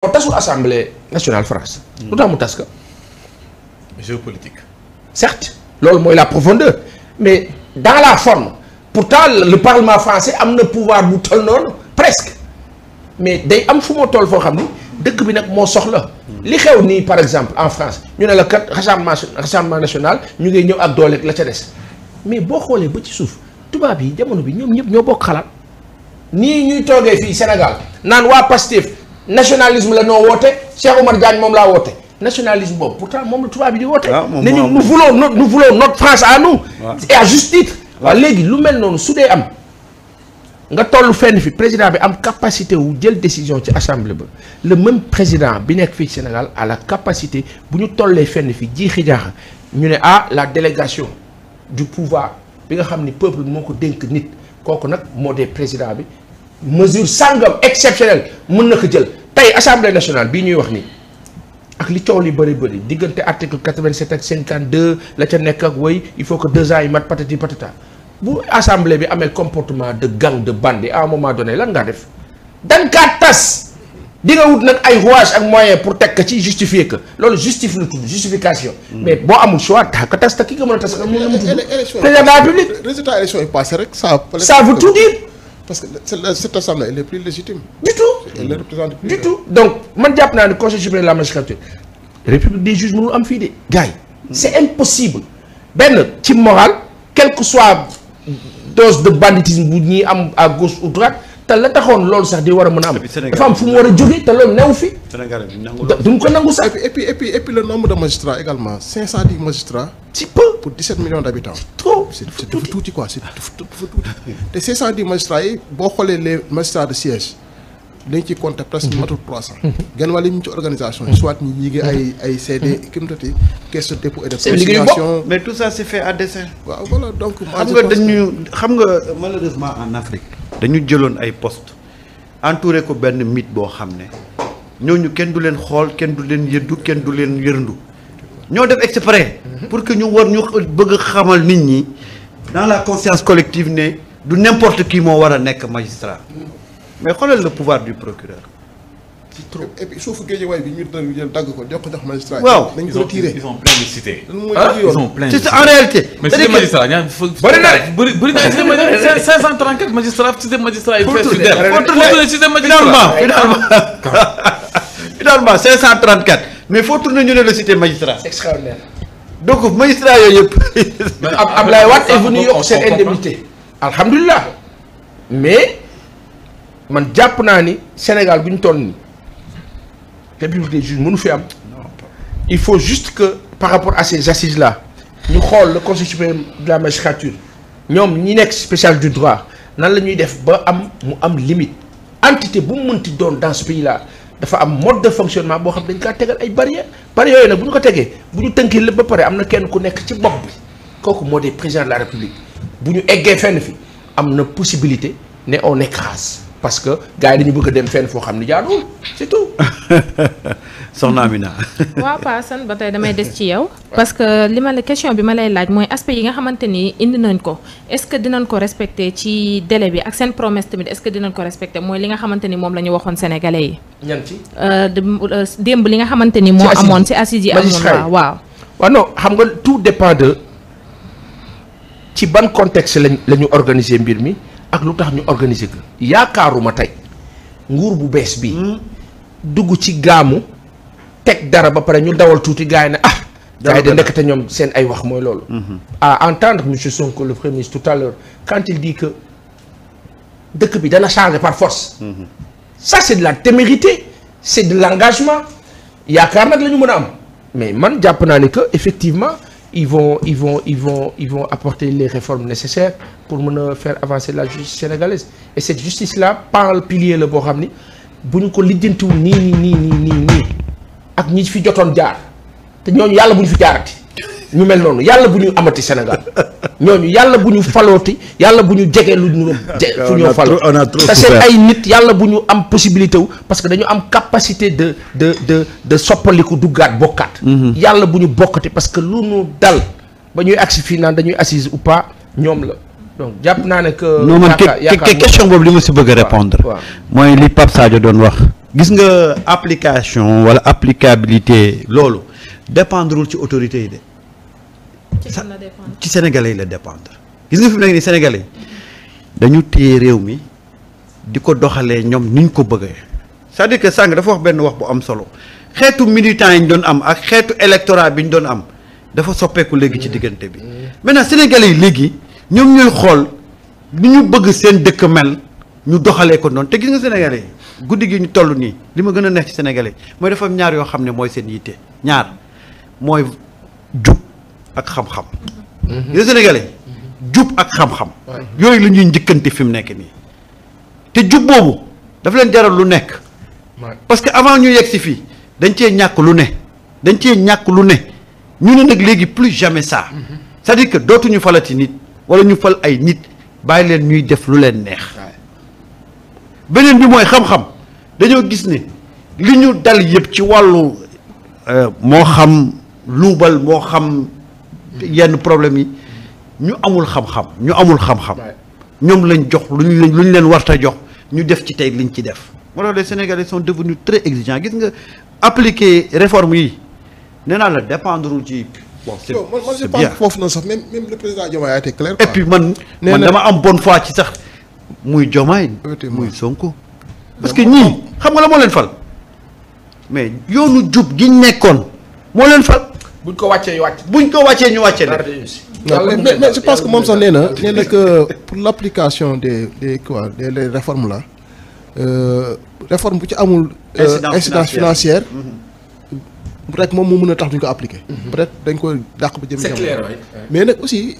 o tasul assemblée nationale France. Hmm. lu tax mu tas ka. géopolitique. certes loolu mooy la profondeur mais dans la forme pourtant le parlement français am na pouvoir bu toll noonu presque mais day am fu moo toll foo xam ni dëkk bi nag moo soxla. Hmm. li xew nii par exemple en France ñu ne la kat rassemblement rassemblement national ñu ngi ñëw ak doole la ca des mais boo xoolee ba ci suuf tubaab yi jamono bi ñoom ñëpp ñoo bokk xalaat nii ñuy toogee fii Sénégal naan nationalisme la noo woote Cheikh Oumar Diagne moom laa woote nationalisme boobu pourtant moom la tubaab bi di woote. Ah, ne ñu nous voulons notre nous voulons notre France à nous. et à juste titre. léegi lu mel noonu su dee am. nga toll fenn fi président bi am capacité wu jël décision ci assemblée ba la même président bi nekk fii Sénégal à la capacité bu ñu tollee fenn fi jiixi jaaxa ñu ne ah la délégation du pouvoir bi nga xam ni peuple moo ko dénk nit kooku nag moo dee président bi mesure sàngam exceptionnelle mën na ko jël tey assemblée nationale bii ñuy wax ni ak li coow li bëri bëri diggante article 87 ak 52 la ca nekk ak woy il faut que deux ans yi mat patati patata bu assemblée bi amee comportement de gang de bande à un moment donné lan ngaa def dan kaa tas di wut nag ay rouage ak moyen pour teg ko ci justifier que loolu justifie lu tudd justification. Hmm. mais boo amul choix daa ko tas te ki nga mën parce que cette assemblée elle est plus légitime. du tout donc man jàpp naa ne conseil supérieur de la magistrature. république des juges mënul am fii de. gars yi c' est impossible. benn ci quelque quelle que soit dose de banditisme bu ñuy am à gauche ou droite. te la taxoon loolu sax di war a mën a am. dafa am fu mu war a jóge te loolu new fi. Sénégal duñ ko nangu sax. et puis et le nombre de magistrats également 510 magistrats. si peu pour 17 millions d' habitants. trop c' est dafa tuuti yi boo xoolee les magistrats de siège. dañ ciy compter presque mhm. matul 300. Mhm. genn ci organisation yi. Mhm. soit ñu yéege ay ay CD. de dépôt et de donc. xam nga xam nga malheureusement en Afrique. dañu jëloon ay poste entouré ko benn mit boo xam ne ñooñu kenn du leen xool kenn du leen yëddu kenn du leen yërndu ñoo def exprès pour que ñu war ñu bëgg xamal nit ñi dans la conscience collective ne du n'importe qui moo war a nekk magistrat mais xoolal le pouvoir du procureur c'est trop et puis suufu géejewaay bi ko jox ko jox magistrat yi. waaw nañ ko retiré ils ont plein de cités. Ah? ils ont plein en réalité. mais magistrat ñaar bëri magistrat 534 magistrat cité magistrat mais foo tourné la cité magistrat. donc magistrat yooyu yëpp. ab Ablaye Wade est venu yokk seen indemnité. alhamdulilah mais man jàpp naa ni Sénégal bu ñu toll république des juges mënu fi am il faut juste que par rapport à ces assises là ñu xool la conseil supérieur de la magistrature ñoom ñi nekk spécial du droit nan la ñuy def ba am mu am limite entité bu mu mënti doon dans ce pays là dafa am mode de fonctionnement boo xam dañ kaa tegal ay barrières barrières yooyu nag bu ñu ko tegee bu ñu tënkee lépp ba pare am na kenn ku nekk ci bopp bi kooku moo dee président de la république bu ñu eggee fenn fi am na possibilité ne on écrase parce que gars yi dañu bëgg a dem fenn foo xam ni jaaduwul c'est tout. soxna Amina. waaw Pa Assane ba tey damay des ci yow. parce que li ma la question bi ma lay laaj mooy aspect yi nga xamante ni indi nañ ko est-ce que dinañ ko respecter ci dele bi ak seen promesse tamit est-ce que dinañ ko respecter mooy li nga xamante ni moom la ñu waxoon sénégalais yi. ñan euh, euh, démb li nga xamante ni moo amoon ci assises yi amoon waaw waa waaw xam nga tout dépend de ci ban contexte lañ la ñu organiser mbir mi. ak lu tax ñu organiser ko yaakaaruma tey nguur bu bees bi hmm. dugg ci gaamu teg dara ba pare ñu dawal tuuti gars yi ne ah. dara de ndekete ñoom seen ay wax mooy loolu. Hmm. à entendre monsieur Sonko le premier ministre tout à l'heure quand il dit que dëkk bi dana changer par force. Mmh. ça c'est de la témérité c'est de l'engagement yaakaar nag la mën a am mais man jàpp naa ne que effectivement. ils von ils vont ils vont ils vont apporter les réformes nécessaires pour mën a fair avancer la justice sénégalaise et cette justice là pan pilier la boo xam ni bu ñu ko lijjantiwul nii nii nii nii ak ñi fi jotoon jaar te ñooñu yàlla bu ñu fi jaarati. ñu mel noonu yàlla bu ñu amati Sénégal ñooñu yàlla bu ñu falooti yàlla bu ñu jegee lu ñu fu ñoo falooti te seen ay nit yàlla bu ñu am possibilité wu parce que dañu am capacité de de de de soppaliku duggaat bokkaat mhm. yàlla bu ñu bokkati parce que lu ñu dal ba ñuy agsi fii naan dañuy assise ou pas ñoom la donc jàpp naa ne que non man question boobu li ma si bëgg a répondre mooy li Pape Sadio doon wax gis nga application wala applicabilité loolu dépendrewul ci autorité yi ci Sénégalais yi la dépendre gis nga fi mu nekk nii Sénégalais dañu téye réew mi di ko doxalee ñoom ni ñu ko bëggee c'est-à-dire que sàng dafa wax benn wax bu am solo xeetu militant yi ñu doon am ak xeetu électorat bi ñu doon am dafa soppeeku léegi ci diggante bi maintenant Sénégalais yi léegi ñoom ñooy xool ni ñu bëgg seen dëkk mel ñu doxalee ko noonu te gis nga Sénégalais yi guddi gi ñu toll nii li ma gën a neex ci Sénégalais yi mooy dafa ñaar yoo xam ne mooy seen yitte ñaar mooy ak xam-xam. ak xam yooyu la ñuy njëkkante fi mu nekk nii. te jub boobu dafa leen jaral lu nekk. parce que avant ñu yegg si fii dañ cee ñàkk lu ne. dañ cee ñàkk lu ne ñu ne nag léegi plus jamais ça. c'est-à-dire que falati nit wala ñu fal ay nit bàyyi leen ñuy def lu leen neex. beneen bi mooy xam-xam dañoo gis ne li ñu dal yëpp ci wàllu euh, moo xam luubal moo xam. yenn problème yi ñu amul xam-xam ñu amul xam-xam ñoom lañ jox luñ leen luñ leen warta jox ñu def ci tey liñ ci def moo tax les sénégalais sont devenus très exigeants gis nga appliquer réforme yi nee naa la dépendrewul ci bon c'est foofu noonu sax même même et puis man man dama am bonne fois ci sax muy Diomaye muy Sonko parce que ñii xam nga la moo leen fal mais yoonu jub gi nekkoon moo leen fal buñ ko wàccee ñu buñ ko wàccee ñu wàcce mais mais je pense que moom sax nee na nee pour l' de des des quoi des les la là euh, réforme bu ci amul. Euh, incidence financière mm-hmm. rek moom moo mën a tax duñ ko appliquer. Mm-hmm. peut être dañ ko dàq ba jëm. c' est mais nag aussi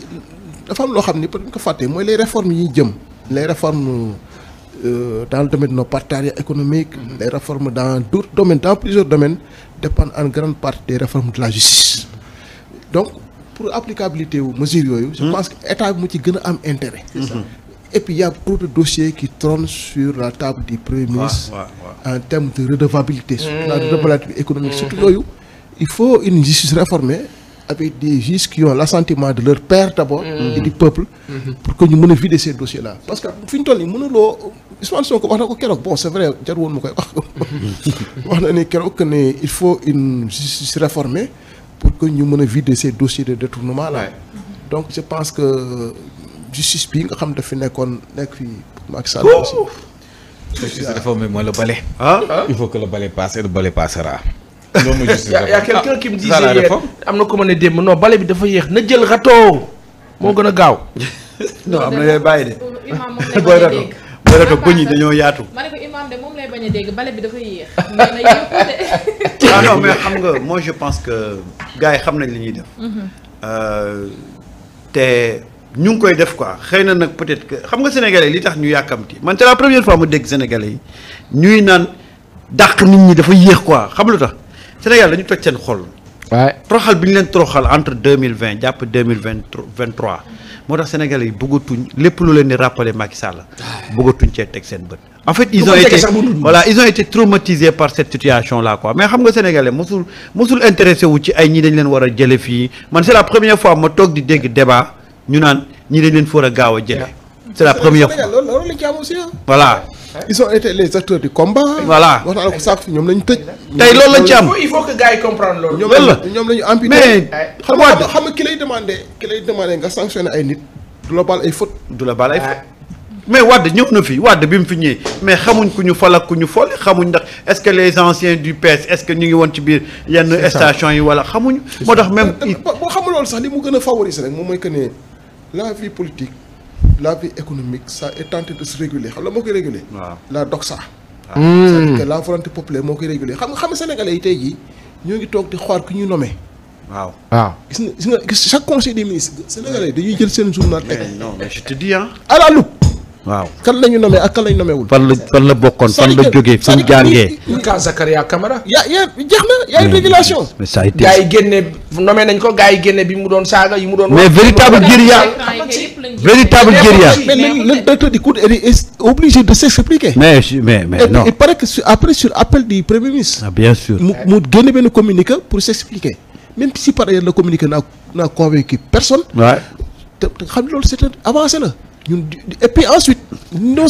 dafa loo xam ni peut être ko fàttee mooy les réformes yi jëm. les réformes. Euh, dans le domaine de nos partenariats économiques les dans d'autres domaines dans plusieurs domaines dépendent en grande partie des réformes de la justice donc pour applicabilité wu mesures yooyu je hmm. pense que état bi mu ci gën a am intérêt et puis il y a de dossiers qui trônent sur la table du premier ministre en termes de redevabilité surtout la hmm. redevabilité économique hmm. surtout yooyu il faut une justice réformée avec de leur père d'abord peuple pour que ñu mën a vider ces dossiers là parce que fi ñu toll nii mënuloo Ousmane Sonko wax na ko keroog jar woon ma koy wax wax na ne keroog ne il faut une pour que ñu mën a vider ces dossiers de détournement que justice bi nga xam dafi nekkoon nekk fi Macky Sall aussi justice réformée mooy le balai ah? Ah? il faut que le balai passe et le balai passera loolu mooy justice réformée y a quelqu'un qui me disait hier am na ko mën a démb non balai bi dafa yéex na jël râteau moo gën a gaaw non am na yooyu bàyyi de wala ko bëñ yi dañoo yaatu. ma ne ko imam de moom lay bañ a dégg bale bi dafa yéex. ah non xam nga moi je pense que gars yi xam nañ li ñuy def. Mhm. Euh, te ñu ngi koy def ko xëy na nag peut-être que xam nga sénégalais li tax ñu yàkkamti man c'est la première fois ma dégg sénégalais yi ñuy naan dàq nit ñi dafa yéex quoi xam lu tax Sénégal dañu toj seen xol. waay toroxal bi ñu leen toroxal entre deux mille vingt jàpp deux mille vingt trois moo tax Sénégalais yi bëggatuñ lépp lu leen di rappeler Macky Sall bëggatuñ cee teg seen bët. en fait ils ont été voilà ils ont été traumatisés par cette situation là quoi mais xam nga sénégalais mosul mosul intéressé wu ci ay ñi dañ leen war a jële fii man c'est la première fois ma toog di dégg débat ñu naan ñi dañ leen fa war a gaaw a jële c'est la première fois voilà ils ont été les acteurs du combat. voilà wax naa ko saako fi ñoom la ñu tëj. tey loolu lañ ci am il faut que gars yi comprendre loolu. loolu la ñoom la ñu amputé. mais xam nga xam nga ki lay demandé ki lay demandé ay nit. du ay faute. du la baal mais Wade ñëw na fi Wade bi mu fi ñëwee mais xamuñ ku ñu fal ak ku ñu folli xamuñ ndax est-ce que les anciens du PS est-ce que ñu ngi woon ci biir yenn station yi wala xamuñ moo tax même boo xamul loolu sax li mu gën a favoriser rek moom mooy que ne la vie politique laa vie économique sa est tenté de se réguler xam la moo koy réguler. la doxa. Hmm. c'est-à-dire que la volonté populaire moo koy réguler xam nga xam Sénégalais yi tey jii ñoo ngi toog di xool ku ñuy nommé. waaw waaw gis nga gis nga chaque conseil des ministres sénégalais dañuy jël seen journal teg. non mais je te waaw kan la ñu nommé ak kan la ñu nommé wul. fan la fan la bokkoon fan la jógee fu mu jàngee. Ka Zakaria Camara. ya ya jeex na yaay régulation. mais ça a été gaa yi génne nommé nañ ko gaa yi génne bi mu doon saaga yi mu doon. mais véritable guérilla. véritable guérilla. mais le directeur du COUD est obligé de s'expliquer. mais mais mais non. il paraît que après sur appel du premier ministre. ah bien sûr mu mu génne benn communiqué pour s'expliquer même si par ailleurs le communiqué n'a n'a convaincu personne. waaw te xam loolu c'est avancé na. ñun et puis ensuite nos